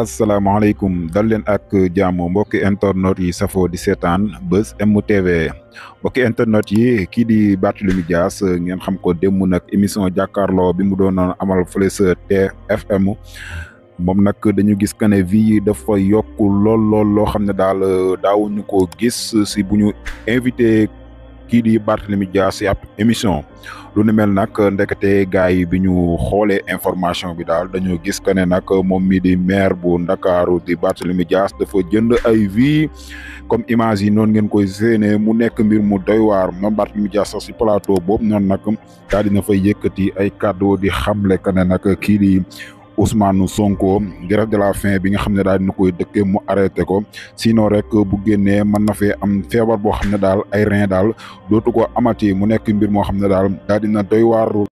asalaamaaleykum dal leen ak jaamu mbokki internet yi safoo di seetaan Buzz M TV mbokki internet yi kii di Barthélémy Dias ngeen xam ko démb nag émission jàkkaarloo bi mu doon amal fële sa TFM moom nag dañu gis que ne vie yi yokk lool lool loo xam ne daal daaw ñu ko gis si bu ñu invité. kii di Barthélemy Dias si ab émission lu ne mel nag ndekete gars yi bi ñu xoolee information bi daal dañoo gis que ne nag moom mi di maire bu Ndakaaru di Barthélemy Dias dafa jënd ay vi comme image yi noonu ngeen koy séenee mu nekk mbir mu doy waar moom Barthélemy Dias si plateau boobu noonu nag daal dina fay yëkkati ay cadeau di xamle que ne nag kii di Ousmane Sonko grève de la faim bi nga xam ne daal dina koy dëkkee mu arrêté ko sinon rek bu génnee mën na fee am feebar boo xam ne daal a rein daal dootu ko amati mu nekk mbir moo xam ne daal daal dina doy waar